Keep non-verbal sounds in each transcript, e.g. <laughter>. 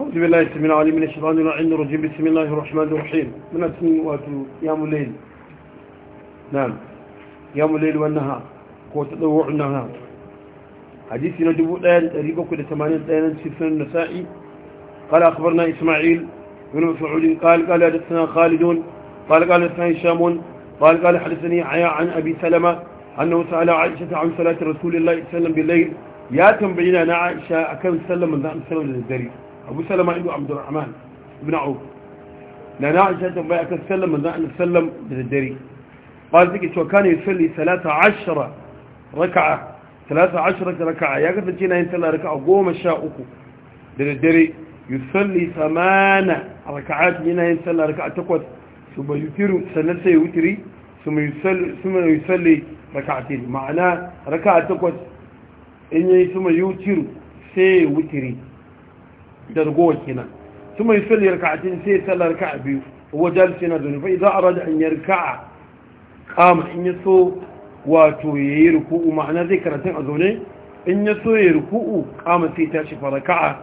أعوذ بالله السميع العليم من الشيطان الرجيم الرجيم بسم الله الرحمن الرحيم من أسمي وأتو يام الليل نعم يام الليل والنهار وتطوع النهار حديثنا دبو الآن قريبا كده ثمانية الآن سلسلة النسائي قال أخبرنا إسماعيل من مفعول قال قال حدثنا خالدون قال قال حدثنا هشام قال قال حدثني عيا عن أبي سلمة أنه سأل عائشة عن صلاة رسول الله صلى الله عليه وسلم بالليل يا تنبينا أنا عائشة أكم سلم من ذا أمسلم للدريق abu salama ibn abdurrahman ibn auf na na aisha tambaya kan sallar manzon Allah sallam da daddare ba zai cewa kana yusalli 13 raka'a 13 raka'a ya kasance na yin sallar raka'a 13 da daddare yusalli 8 raka'at yana yin sallar raka'a 8 suma yutiru sannan sai wutiri suma yusalli suma yusalli raka'atin ma'ana raka'a 8 in yayi suma yutiru sai wutiri da ragowar kenan su mai sul yarka'atin sai sallar raka'a biyu wajen sina da fa idan arada an yarka'a kama in ya so wato yayi ruku'u ma'ana zai karatun a zaune in ya so yayi ruku'u kama sai tashi fa raka'a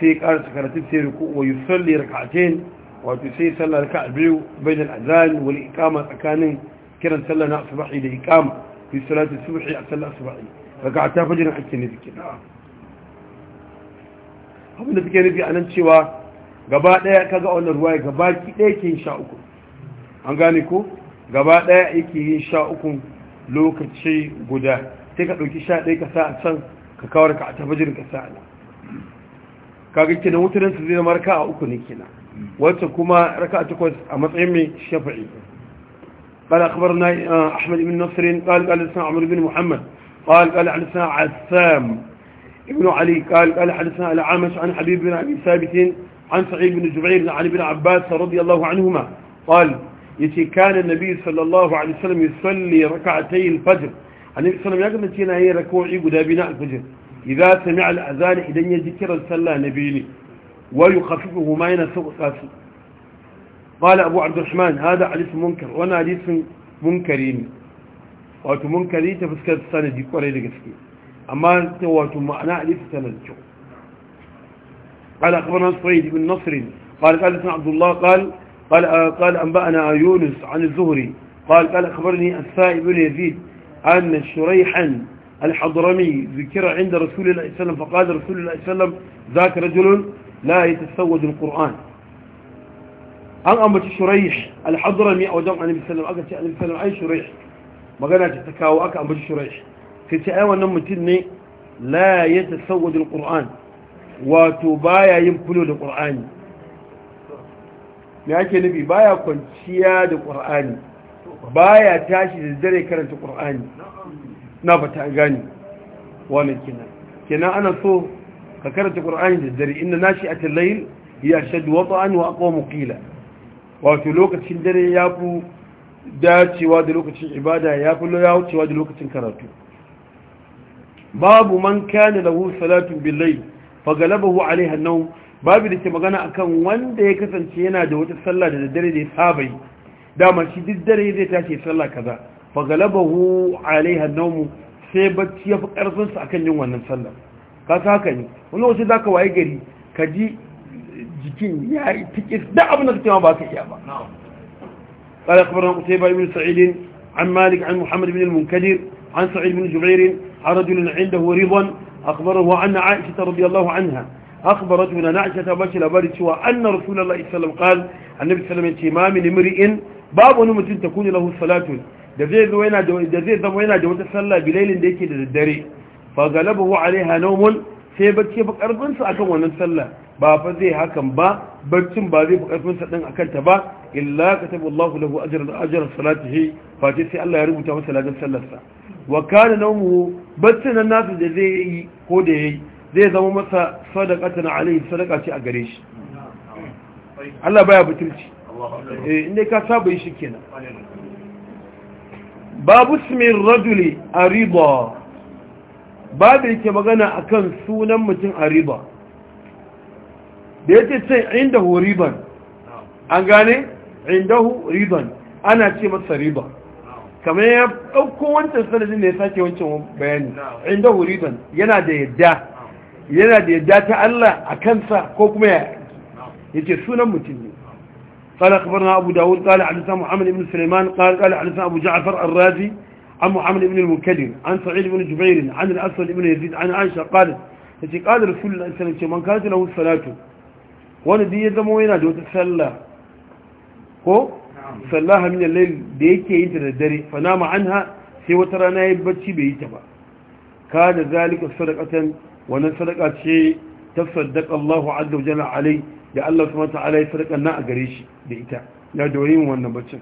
sai karasa karatun sai ruku'u wa yusalli raka'atin wato sai sallar raka'a biyu bai bainal azan wani iqama tsakanin kiran sallar na asubahi da iqama fi salati subhi a sallar asubahi raka'a ta fajr ake ne zikira abinda da suke nufi a nan cewa gaba ɗaya kaga wannan ruwa gaba ki ɗaya ke yin sha uku an gane ko gaba ɗaya yake yin sha uku lokaci guda sai ka ɗauki sha ɗaya ka sa a can ka kawar ka a tafajirin ka sa a nan kaga kenan wutarin su zai zama raka a uku ne kenan wacce kuma raka a takwas a matsayin mai shafa'i قال أخبرنا أحمد بن نصر قال قال لسنا عمر بن محمد قال قال لسنا عسام ابن علي قال قال حدثنا العامش عن حبيب بن أبي ثابت عن سعيد بن جبير عن ابن عباس رضي الله عنهما قال يتي كان النبي صلى الله عليه وسلم يصلي ركعتي الفجر النبي صلى الله عليه وسلم يقول هي ركوعي قد بناء الفجر إذا سمع الأذان إذا يذكر صلى نبيني ويخففه ما ينسق ساسي قال أبو عبد الرحمن هذا حديث منكر وأنا حديث منكرين وأتو منكرين تفسكت السنة دي قرية أما تواتم معنى ألف تنجو قال أخبرنا الصعيد بن نصر قال قال ابن عبد الله قال قال آه، قال أنبأنا يونس عن الزهري قال قال أخبرني السائب بن يزيد أن شريحا الحضرمي ذكر عند رسول الله صلى الله عليه وسلم فقال رسول الله صلى الله عليه وسلم ذاك رجل لا يتسود القرآن أن أمت شريح الحضرمي أو wajen عن النبي صلى الله عليه وسلم annabi شريح ما قالت تكاوأك أمت شريح sai ce ai wannan mutum ne la ya tasawwajul qur'an wato baya yin fulo da qur'ani me yake nufi ya kwanciya da ba ya tashi da dare karanta qur'ani na fata gani wannan kenan kenan ana so ka karanta qur'ani da dare a nashi'atul layl hiya ashaddu wata'an wa mu ƙila. wato lokacin dare yafi dacewa da lokacin ibada ya yafi dacewa da lokacin karatu babu man kana lahu salatu bil layl fa alaiha an-nawm babu dake magana akan wanda ya kasance yana da wata sallah da daddare da ya saba yi dama shi daddare zai tashi sallah kaza fa galabahu alaiha an-nawm sai bacci ya fi karfin sa akan yin wannan sallah ka ta haka ne wani wasu zaka waye gari ka ji jikin ya yi tikis da abin da kake ma ba ka iya ba قال أخبرنا قتيبة بن سعيد عن مالك عن محمد بن المنكدر عن سعيد بن جبير رجل عنده رضا أخبره عن عائشة رضي الله عنها أخبرتنا عائشة بشل بارد أن رسول الله صلى الله عليه وسلم قال النبي صلى الله عليه وسلم babu wani mutum ta kuni lahu salatun da zai zama yana da wata sallah bilailin da yake da daddare fa galabahu alaiha nawmun sai bacci ba karfin sa akan wannan sallah ba fa zai hakan ba barcin ba zai fi karfin sa ba illa kataballahu lahu ajran ajran sai Allah ya rubuta masa ladan sallar wa kana naumu baccin nasu da zai yi ko da yayi zai zama masa sadaqatan alayhi sadaqa ce a gare shi Allah baya butulci eh inda ka saba yi kenan babu ismin rajuli ariba babu yake magana akan sunan mutum ariba da yake ce inda riban an gane indahu riban ana ce masa riba kamar ya ɗauko wancan sanadin da ya sake wancan bayani inda huriban yana da yadda yana da yadda ta Allah a kansa ko kuma ya yace sunan mutum ne قال أخبرنا أبو داود قال حدثنا محمد بن سليمان قال قال حدثنا أبو جعفر الرازي عن محمد بن المكلم عن سعيد بن جبير عن الأسود بن يزيد عن عائشة قالت التي قال رسول الله صلى الله عليه وسلم من كانت له الصلاة وانا دي يزمو هنا دوت الصلاة هو sallaha min al-layl da yake yin ta da dare fa nama anha sai wata rana yayi bacci bai yi ta ba da zalika sadaqatan wannan sadaqa ce tasaddaqa Allahu azza wa jalla alai da Allah subhanahu wa ta'ala ya na a gare shi da ita ya dore yin wannan baccin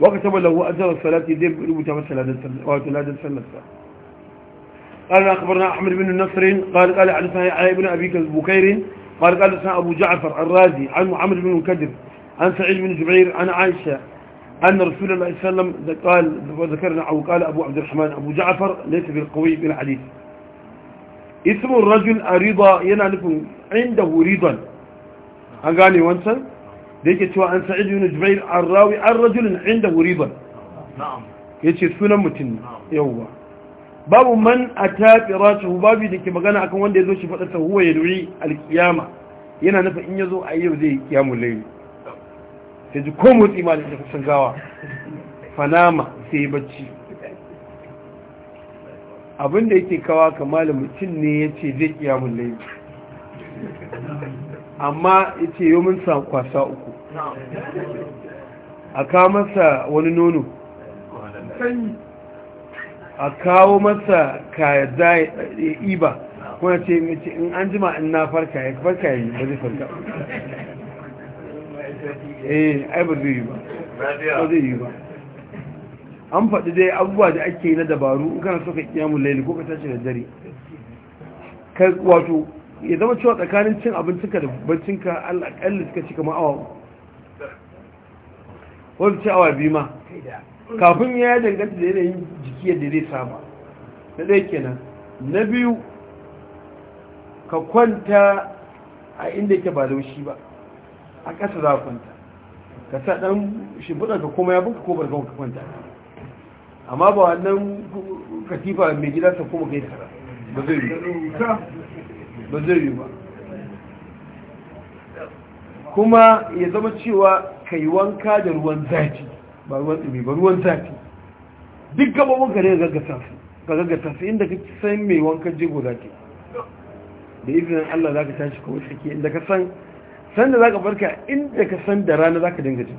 wa kataba lahu ajra salati zai rubuta masa ladan sallah wa ladan sallarsa قال أخبرنا أحمد بن نصر قال قال عن علي بن أبي بكير قال قال سنة أبو جعفر الرازي عن محمد بن مكدر عن سعيد بن جبير عن عائشة أن رسول الله صلى الله عليه وسلم قال وذكرنا أو قال أبو عبد الرحمن أبو جعفر ليس بالقوي بالحديث اسم الرجل رضا ينالكم عنده رضا أقاني وانسا ديك توا عن سعيد بن جبير الراوي الرجل عنده رضا نعم يتشي سنة متن يوه باب من أتى فراشه باب ديك مغانا أكون وان ديزوش فقصة هو يدعي القيامة ينا نفع إن يزو أيو زي قيام الليل sai ji ko motsi ma da kusan gawa fanama sai bacci abinda yake kawa kamala mutum ne ya ce zai mun laifin amma ya ce yi mun kwasa uku a kawo masa wani nono a kawo masa kayadda ya iba kuma ce in an jima in na farka ya farka ya yi ba zai farka Eh, an faɗi dai abubuwa da ake na dabaru in kana so ka kiyamun laili ko ka tashi da dare wato ya zama cewa tsakanin cin abincinka da allah alƙalli suka ci kama awa wani ci awa biyu ma kafin ya danganta da yanayin jiki yadda zai saba na ɗaya kenan na biyu ka kwanta a inda yake ba laushi ba a ƙasa za a kwanta ka sa ɗan shimfiɗar ka koma ya bunka ko barkan ka kwanta amma ba wannan katifa mai gida ta kuma kai tara ba zai yi ba zai yi ba kuma ya zama cewa ka yi wanka da ruwan zafi ba ruwan tsumi ba ruwan zafi duk gababin ka ne ka gaggata su inda ka san mai wankan jego zafi da izinin allah za ka tashi kawai tsaki inda ka san sanda za ka farka inda ka san da rana za ka dinga jin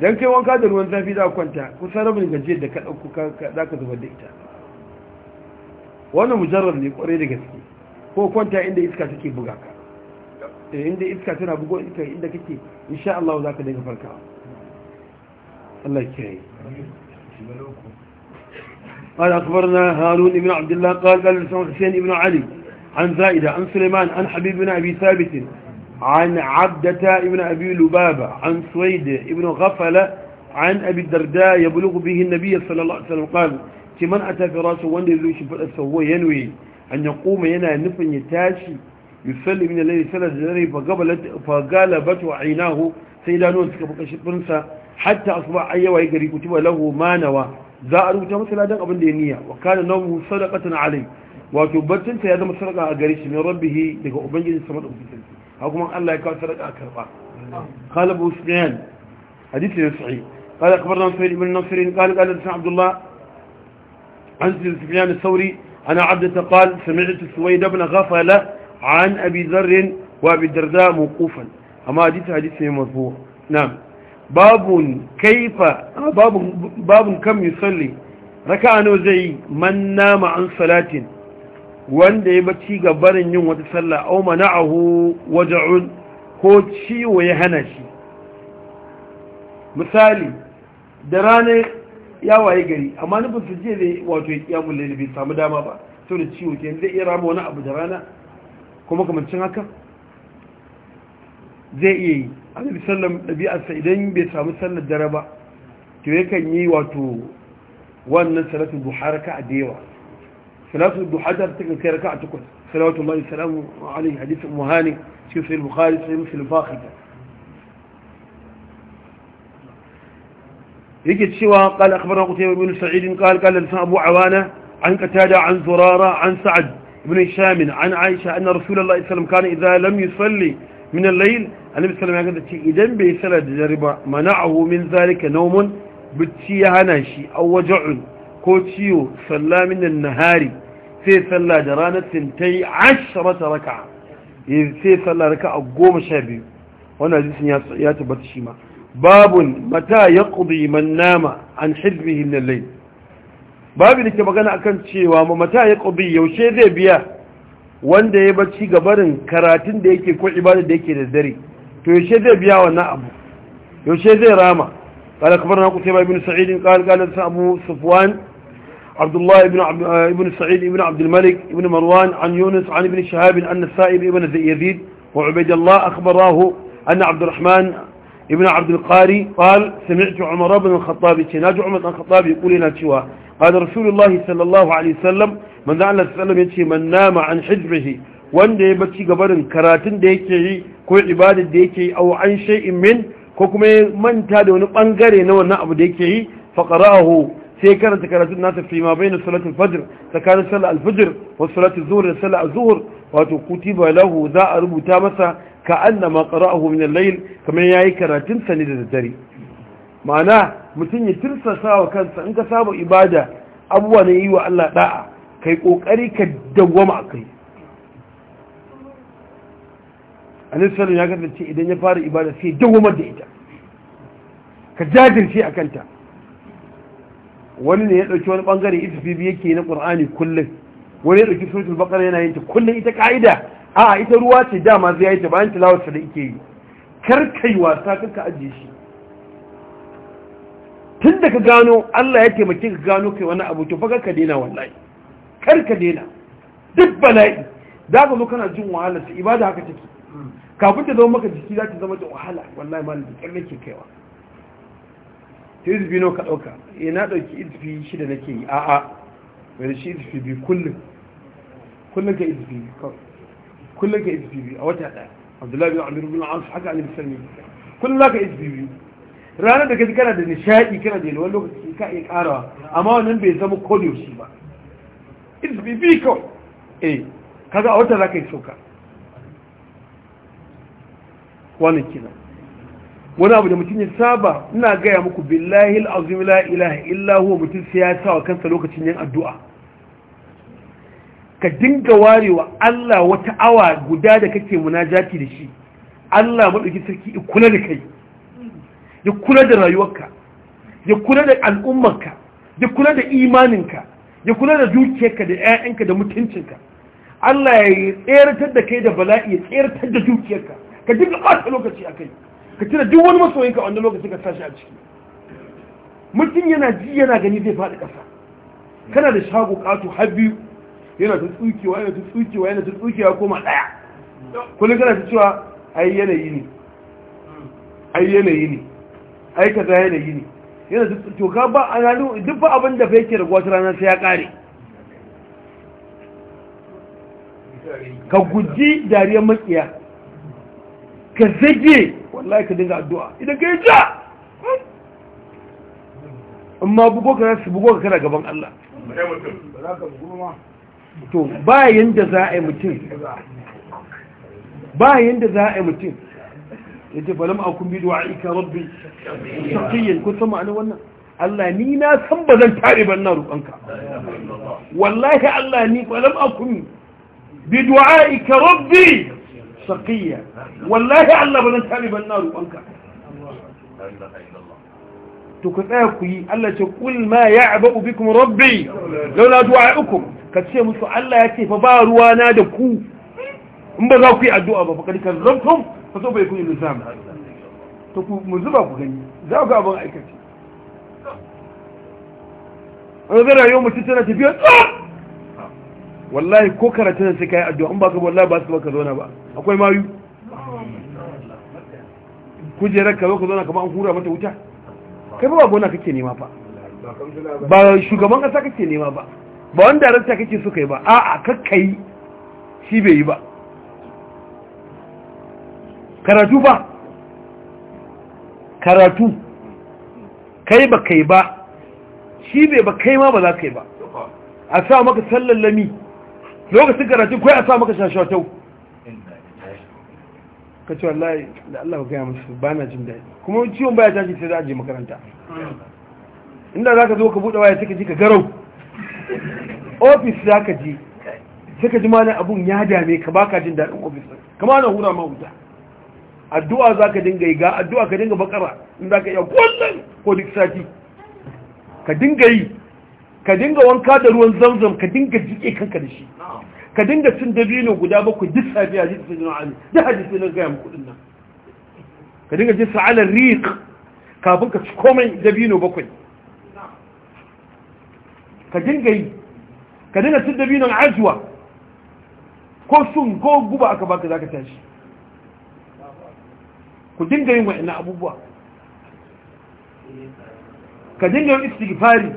don kai wanka da ruwan zafi za kwanta kusan rabin gajiyar da ka ɗauko za ka zubar da ita wannan mujarrar ne kwarai da gaske ko kwanta inda iska take buga ka eh, inda iska tana bugo iska inda kake insha Allah za ka dinga farka Allah ya kiyaye قال أخبرنا هارون بن عبد الله قال قال لسان حسين بن علي عن زائدة عن سليمان عن حبيب بن أبي ثابت عن عبدة ابن أبي لبابة عن سويد ابن غفلة عن أبي الدرداء يبلغ به النبي صلى الله عليه وسلم قال كمن أتى في وانده ذو شفاء سوى ينوي أن يقوم ينا نفن يتاشي يصلي من الليل ثلاث فقال فقالبته عيناه سيدانون سكبك شبنسا حتى أصبح أيوة يقري له ما نوى ذا أروت مثل هذا قبل دينية وكان نومه صدقة عليه wato baccinta ya zama sarƙa a gare shi min rabbihi daga ubangiji sama da ubangiji ha kuma Allah ya kawo sarƙa a karɓa qala abu sufyan hadisi ne sahih qala akhbarna sa'id ibn nasr qala qala san abdullah an sufyan al-thawri ana abdata qala sami'tu suwayd ibn ghafala an abi dharr wa abi darda mawqufan amma hadisi hadisi ne marfu na'am babun kaifa babun babun kam yusalli raka'a nawa zai man nama an salatin wanda ya bacci ga barin yin wata sallah au mana'ahu waja'un ko ciwo ya hana shi misali da rana ya waye gari amma nufin su je zai wato ya kiyamun laili bai samu dama ba to da ciwo ke zai iya rama wani abu da rana kuma kamancin haka zai iya yi annabi sallam ɗabi'arsa idan bai samu sallar dare ba to yakan yi wato wannan salatin buharaka a da yawa ثلاث الضحى تقل كي ركعة كل صلوات الله وسلامه عليه حديث مهاني شوف في البخاري صحيح مسلم فاخر يجد سوى قال أخبرنا قتيبة بن سعيد قال قال لسان أبو عوانة عن قتادة عن زرارة عن سعد بن هشام عن عائشة أن رسول الله صلى الله عليه وسلم كان إذا لم يصلي من الليل النبي صلى الله عليه وسلم يقول إذا بيسلى جربة منعه من ذلك نوم بتشي هناشي أو وجع ko ciwo salla minan nahari sai salla da ranar sintai asharata raka eh, sai salla a goma sha biyu wannan jisun ya tabbata shi ma babun mata yaqdi man nama an shirbi min al-layl babu da ke magana akan cewa ma mata yaqdi yaushe zai biya wanda ya bacci gabarin karatun da yake ko ibada da yake da dare to yaushe zai biya wannan abu yaushe zai rama قال أخبرنا قتيبة بن سعيد قال قال أبو صفوان عبد الله بن عب... ابن سعيد بن عبد الملك بن مروان عن يونس عن ابن شهاب أن السائب ابن يزيد وعبيد الله أخبراه أن عبد الرحمن ابن عبد القاري قال سمعت عمر بن الخطاب تناج عمر بن الخطاب يقول لنا شوى قال رسول الله صلى الله عليه وسلم من ذا الله سلم يتي من نام عن حجبه wanda ya bacci gabarin karatun da yake yi ko ibadar da yake yi au an shay'in min ko kuma ya manta da wani bangare na wannan abu da yake yi faqarahu sai karanta karatun nasa fi ma bayna salatul fajr tsakanin salat al-fajr wa salatul zuhr da salat az-zuhr wato kutiba lahu za a rubuta masa ka annama qara'ahu min al-layl kamar yayi karatun sa ne da daddare ma'ana mutum ya tirsasa wa kansa in ka saba ibada abuwa ne yi wa Allah da'a kai kokari ka dawwama akai annabi ya gada ce idan ya fara ibada sai dawamar da ita ka jajirce a kanta wani ne ya ɗauki wani fi itfibi yake na ƙur'ani kullum wani ya ɗauki sojin bakar yana yin ta kullum ita ka'ida a ita ruwa ce dama zai yi ta bayan lawarsa da ike yi kar kai wasa ka ajiye shi tun da ka gano Allah ya taimake ka gano kai wani abu to fa ka daina wallahi kar ka daina duk bala'i da ka zo kana jin wahala ta ibada haka take kafin ta zama maka jiki za ta zama da wahala wallahi ma da kyar nake kaiwa ta yi zubi ka ɗauka ya eh, na ɗauki izifi shida nake yi a'a mai da shi izifi biyu kullum kullum ka izifi kawai kullum ka izifi biyu a wata ɗaya abdullahi bin amir bin amsu haka annabi sani kullum za ka izifi biyu ranar da kaji kana da nishaɗi kana da yalwar lokaci ka iya ƙarawa amma wannan bai zama kodiyoshi ba izifi biyu kawai eh kaga a wata za ka yi sauka wannan kina wani abu da mutum ya saba ina gaya muku billahi al'azim la ilaha illahu mutum sai ya sa wa kansa lokacin yin addu'a ka dinga warewa Allah wata awa guda da kake munajati da shi Allah maɗauki sarki ya kula da kai ya kula da rayuwarka ya kula da al'ummarka ya kula da imaninka ya kula da dukiyarka da 'ya'yanka da mutuncinka Allah ya tseratar da kai da bala'i ya tseratar da dukiyarka ka dinga ɓata lokaci a kai ka cire duk wani masoyin ka wanda lokaci ka shi a ciki mutum yana ji yana gani zai faɗi ƙasa kana da shago ƙato har biyu yana ta tsukewa yana ta tsukewa yana ta tsukewa koma ɗaya kullum kana ta cewa ai yanayi ne ai yanayi ne ai kaza yanayi ne yana ta tsoka ba a ranar duk ba abin da fa yake da wata ranar sai ya ƙare ka guji dariyar makiya ka zage wallahi ka dinga addu'a idan ka yi ja amma bugo ka su bugo ka kana gaban Allah to ba yanda za a yi mutum ba yanda za a yi mutum ya ce falam a kun biduwa aika rabbi shakiyyan kun san ma'anin wannan Allah ni na san ba zan tare ban na roƙonka wallahi Allah ni falam a kun biduwa aika rabbi saqiya wallahi Allah ba zan tare ban na roƙonka to ku tsaya ku yi Allah ce kul ma ya'ba'u bikum rabbi laula du'a'ukum ka ce musu Allah ya ce fa ba ruwa na da ku in ba za ku yi addu'a ba fakar kan zafin fa so bai kun yi lissafi to ku mu zuba ku gani za ku abin aikace an zara yau mutum tana tafiya tsar wallahi ko karatun sai kai addu'a in baka wallahi ba su baka na ba akwai mayu kujerar ka zo ka kamar an hura mata wuta kai ba gona kake nema fa ba shugaban kasa kake nema ba ba wani darasta kake so kai ba a'a kakkai shi bai yi ba karatu ba karatu kai ba kai ba shi bai ba kai ma ba za ka yi ba a sa maka sallallami lokacin karatu kai a sa maka shashawatau ka ce wallahi da Allah gaya musu ba na jin daɗi kuma ciwon baya tashi sai za a je makaranta inda za ka zo ka buɗe waya sai ka ji ka garau ofis za ka ji sai ka ji mana abun ya dame ka baka jin daɗin ofis kama na hura ma wuta addu'a za ka dinga yi ga addu'a ka dinga bakara in za ka iya kullum ko duk sati ka dinga yi ka dinga wanka da ruwan zamzam ka dinga jike kanka da shi ka dinga cin dabino guda bakwai duk safiya ji tafi jina ali duk hadisi na gaya muku dinna ka dinga jin sa'alar riq kafin ka ci komai dabino bakwai ka dinga yi ka dinga cin dabinon ajuwa ko sun ko guba aka baka za ka tashi ku dinga yin wa'ina abubuwa ka dinga yin istighfari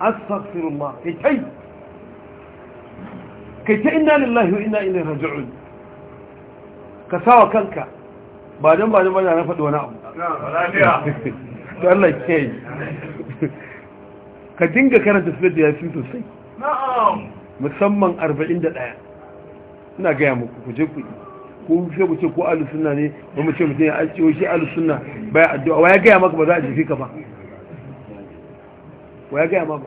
astaghfirullah kai kai kai ta inna lillahi wa inna ilaihi raji'un ka sawa kanka ba dan ba dan ba na faɗi wani abu <laughs> to Allah ke ka dinga karanta su da yasin sosai musamman 41 ina ga ya muku ku je ku ko sai mu ce ko ahlus sunna ne ba mu ce mutum ya ajiyo shi ahlus sunna baya addu'a wa ya gaya maka ba za a jifi ka ba wa ya gaya maka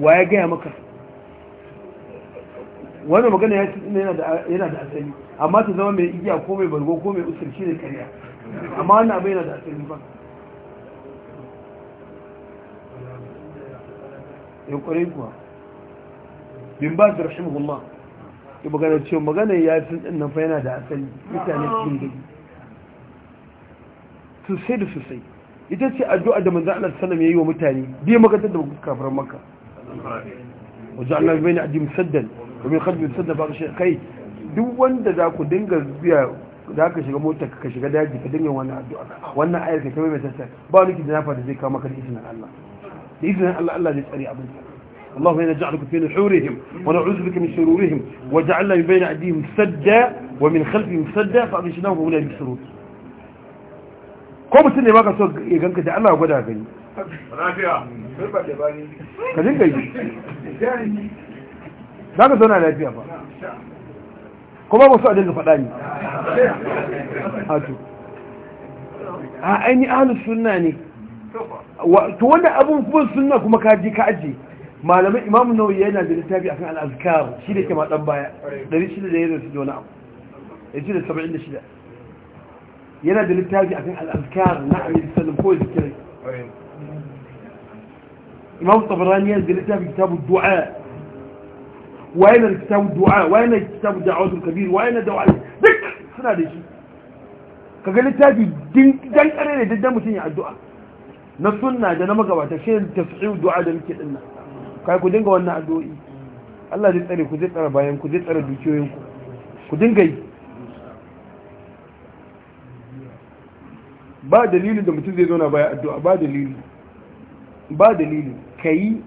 wa ya gaya maka wannan magana yana da asali amma ta zama mai igiya ko mai bargo ko mai usul shi ne amma wannan abu yana da asali ba ya eh, kwarai kuwa bin ba su rashin hulma ya magana ce magana ya ci nan fa yana da asali mutane cikin to sai da sosai ita ce addu'a da manzo Allah sallallahu alaihi wa mutane bi makatar da kafiran makka wajen Allah bai na aji musaddan domin kan musaddan ba ka shi kai duk wanda za ku dinga biya za ka shiga mota ka shiga daji ka dinga wani addu'a wannan ayar ka kai mai sassa ba wani kiji nafa da zai kawo maka da izinin Allah da izinin Allah Allah zai tsari abin sa Allahu yana ja'alukum fi nuhurihim wa na'udhu bika min shururihim wa ja'alna bayna aydihim sadda wa min khalfihim sadda fa aghshnahum la yubsirun ko mutum ne baka so ya ganka da Allah gwada gani ka dinga yi za ka zauna lafiya ba kuma ba su a dinga faɗa ne hatu a aini ahalus sunna ne to wanda abun kuma sunna kuma ka ji ka aji malamin imamu nawawi yana da littafi akan al-azkar shi da ke ma dan baya 600 da ya rasu da wani abu 676 yana da littafi akan al'azkar na amir sallam ko zikirai imam tabarani yana da littafi kitabu du'a waye na kitabu du'a waye na kitabu da'awatul kabir waye na dawa duk suna da shi Ka ga littafi dan kare ne daddan mutum ya addu'a na sunna da na magabata shi tafsir du'a da muke dinna kai ku dinga wannan addu'o'i Allah zai tsare ku zai tsare bayan ku zai tsare dukiyoyinku, ku dinga yi ba dalilin da mutum zai zauna baya addu'a ba dalili ba dalili kai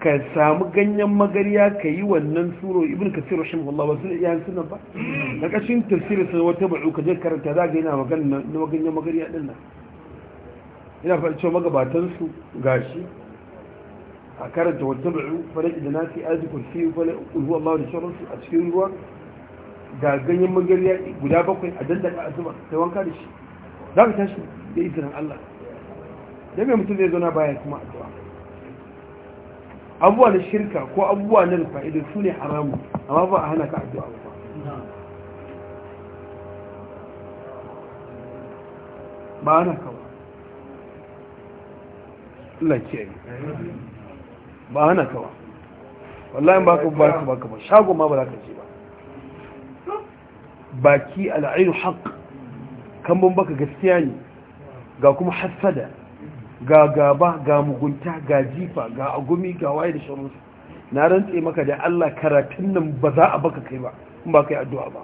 ka samu ganyen magariya ka yi wannan suro ibn kasir rahimahullah ba suna iyayen sunan ba na kashin tafsirin sun wata ba'u ka je karanta za ga yana magana na ganyen magariya din nan ina faɗi cewa magabatan su gashi a karanta wata ba'u falaki da nasi aji kursi falaki ulhu allah da sauransu a cikin ruwa ga ganyen magariya guda bakwai a dandaka azuma sai wanka da shi za ka tashi da izinin Allah da mai mutum zai zauna baya kuma addu'a abubuwa na shirka ko abubuwa na rufa idan su ne haramu amma ba a hana ka addu'a ba ba ana kawo Allah ne. ba ana kawo wallahi ba ka ba ka ba ka ba shago ma ba za ka ce ba baki al’ayin haƙ kambun baka gaskiya ne ga kuma hasada ga gaba ga mugunta ga jifa ga agumi ga waye da shirinsu na rantse maka da Allah karatun nan ba za a baka kai ba in ba kai addu'a ba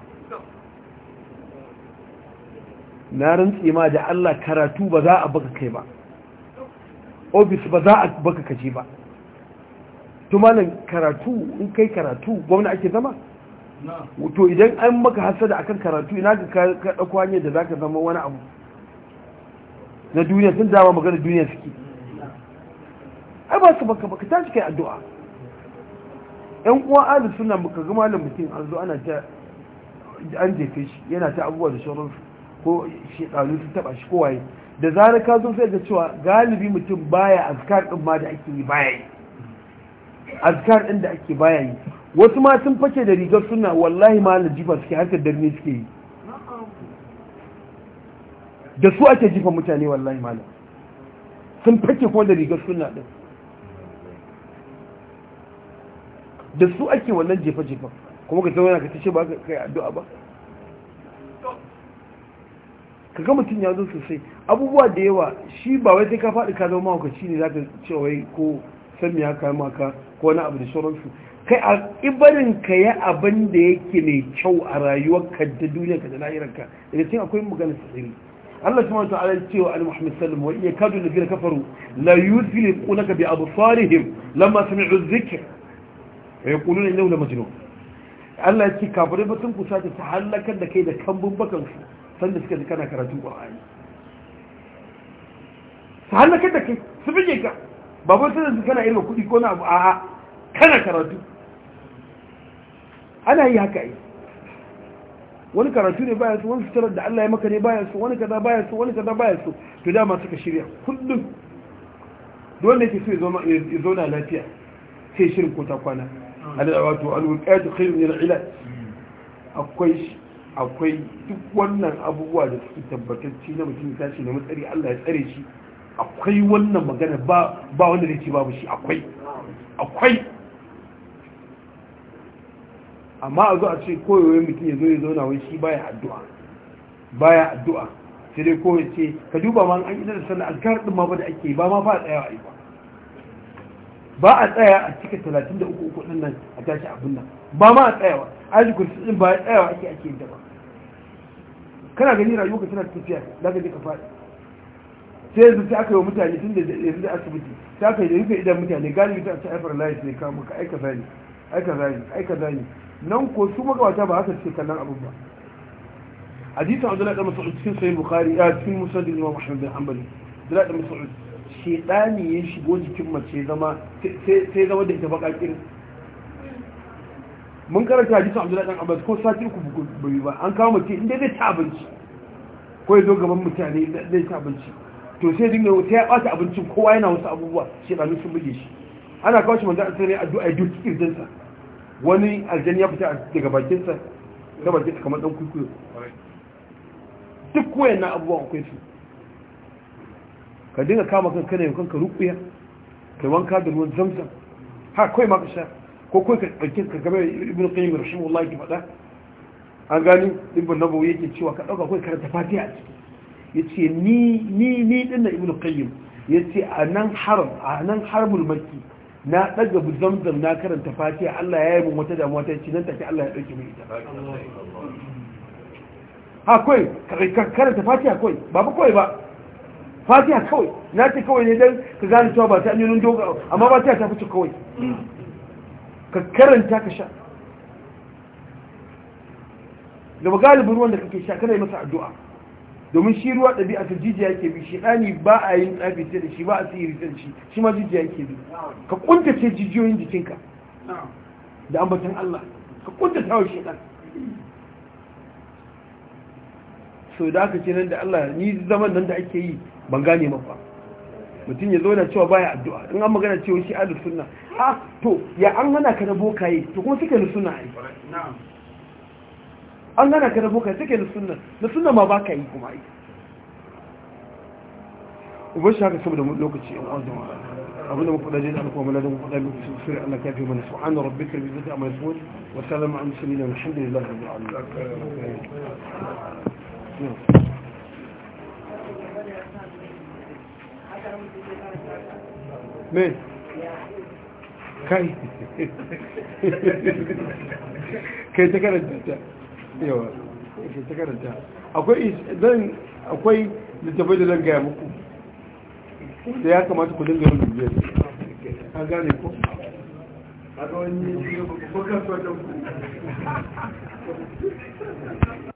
na rantse ma da Allah karatu ba za a baka kai ba ofis ba za a baka kaje ba to karatu in kai karatu gwamna ake zama to idan an maka hasada akan karatu ina ka ka dauko hanyar da zaka zama wani abu na duniya sun dama magana duniya suke ai ba su baka baka ta cike addu'a yan uwa ahlus suna muka ga malam mutum an zo ana ta an jefe shi yana ta abubuwa da sauransu ko shekaru sun taba shi kowaye da zarar ka zo sai ga cewa galibi mutum baya azkar din ma da ake yi baya yi azkar din da ake baya yi wasu ma sun fake da rigar suna wallahi ma na jifa suke harkar darni suke yi da su ake jifa mutane wallahi ma sun fake kuma da rigar suna din da su ake wannan jefa-jefa kuma ka yana ka tashi ba ka kai addu'a ba ka ga mutum ya zo sosai abubuwa da yawa shi ba wai sai ka faɗi ka zama mahaukaci ne za ka ce wai ko san ya kama ka ko wani abu da sauransu kai a ibarin ka ya abin da yake mai kyau a ka da duniyarka da ka daga cikin akwai magana sirri Allah subhanahu wa ta'ala cewa al Muhammad sallallahu wa iya kadu da kafaru la yuzliqunaka bi absarihim lamma sami'u adh-dhikr fa yaquluna innahu la majnun Allah ya ce kafirai ba sun kusa ta halakar da kai da kambun bakan su da suka ji kana karatun Qur'ani su halakar da kai su bige ka ba wai sanda su kana irin kuɗi ko na abu a'a kana karatu ana yi haka yi wani karatu ne bayan su wani suturar da Allah ya maka ne bayan su wani kaza bayan su wani kaza bayan su to dama suka shirya kullum da wanda yake so ya zauna lafiya sai shirin ko ta kwana hmm. wato alwuƙatu khairu min ila hmm. akwai akwai duk wannan abubuwa da suke ci na mutum tashi na matsari Allah ya tsare shi akwai wannan magana ba ba wanda zai ce babu shi akwai hmm. akwai amma a zo a ce koyoyi mutum ya zo ya zauna wani shi baya addu'a baya addu'a sai dai ko ce ka duba ma an idar da sallah azkar din ma ba da ake ba ma ba tsaya a yi ba ba a tsaya a cika 33 uku din nan a tashi abin nan ba ma a tsayawa aji kursi din ba tsayawa ake ake yin da ba kana gani rayuwa tana tafiya za ka je ka faɗi sai yanzu sai aka yi wa mutane tun da yanzu da asibiti sai aka yi da rufe idan mutane galibi ta ce layi layis ne kama ka aika sani Aika kaza ne ai kaza nan ko su magabata ba haka suke kallon abin ba hadisin Abdullahi da Mas'ud cikin sahih Bukhari a eh, cikin Musnad Imam Ahmad bin Hanbali Abdullahi da Mas'ud shedani ya shigo jikin mace zama sai zama da ita bakakin mun karanta hadisin Abdullahi dan Abbas ko sati uku bai ba an kawo mace inda zai ta abinci ko ya zo gaban mutane zai ta abinci to sai dinga sai ya bata abincin kowa yana wasu abubuwa shedani sun buge shi ana kawo shi manzo a sai addu'a duk duki sa wani aljani ya fita daga bakin sa da bakin sa kamar dan kuikuyo duk na abubuwan akwai su ka dinga kama kanka ne kanka rukuya kai wanka da ruwan zamzam ha kai ma ka sha ko kai ka dauke ka game ibn qayyim rahimahullah ki fada an gani ibn nabawi yake cewa ka dauka kai karanta fatiha a ciki yace ni ni ni din na ibn qayyim yace anan haram anan harbul makki na daga zamzam na karanta fatiha Allah ya yi mu wata damuwa ta ce nan take Allah ya dauke mu ita ha kawai karanta fatiha kawai ba ba kawai ba fatiha kawai na ce kawai ne dan ka gane cewa ba ta nun doga amma fatiha ta fice kawai ka karanta ka sha da galibin ruwan da kake sha kana yi masa addu'a domin shi ruwa ɗabi'a ta jijiya yake bi shi ɗani ba a yin tsafi sai da shi ba a sihiri da shi shi ma jijiya yake bi ka ce jijiyoyin jikinka da ambatan Allah ka ta wa shiɗan so da aka ce nan da Allah ni zaman nan da ake yi ban gane maka mutum ya zauna cewa baya addu'a in an magana cewa shi ahlus sunna ah to ya an hana ka na bokaye to kuma suke na sunna ai an gana ka rabu boka take da sunna da sunna ma ba ka yi kuma ita ubar shi haka saboda lokaci yan an zama abinda mu faɗa jini alkuwa maladin mu faɗa su sirri allah kafi fi mana su'an da rabbi karbi zata mai suwar wa salama an musulmi da alhamdulillah rabbi allah kai كي كي تكلم akwai zan littafai da zan gaya muku da ya kamata ku dinga yin biyar an gane ko a ga wani bakar fadon ku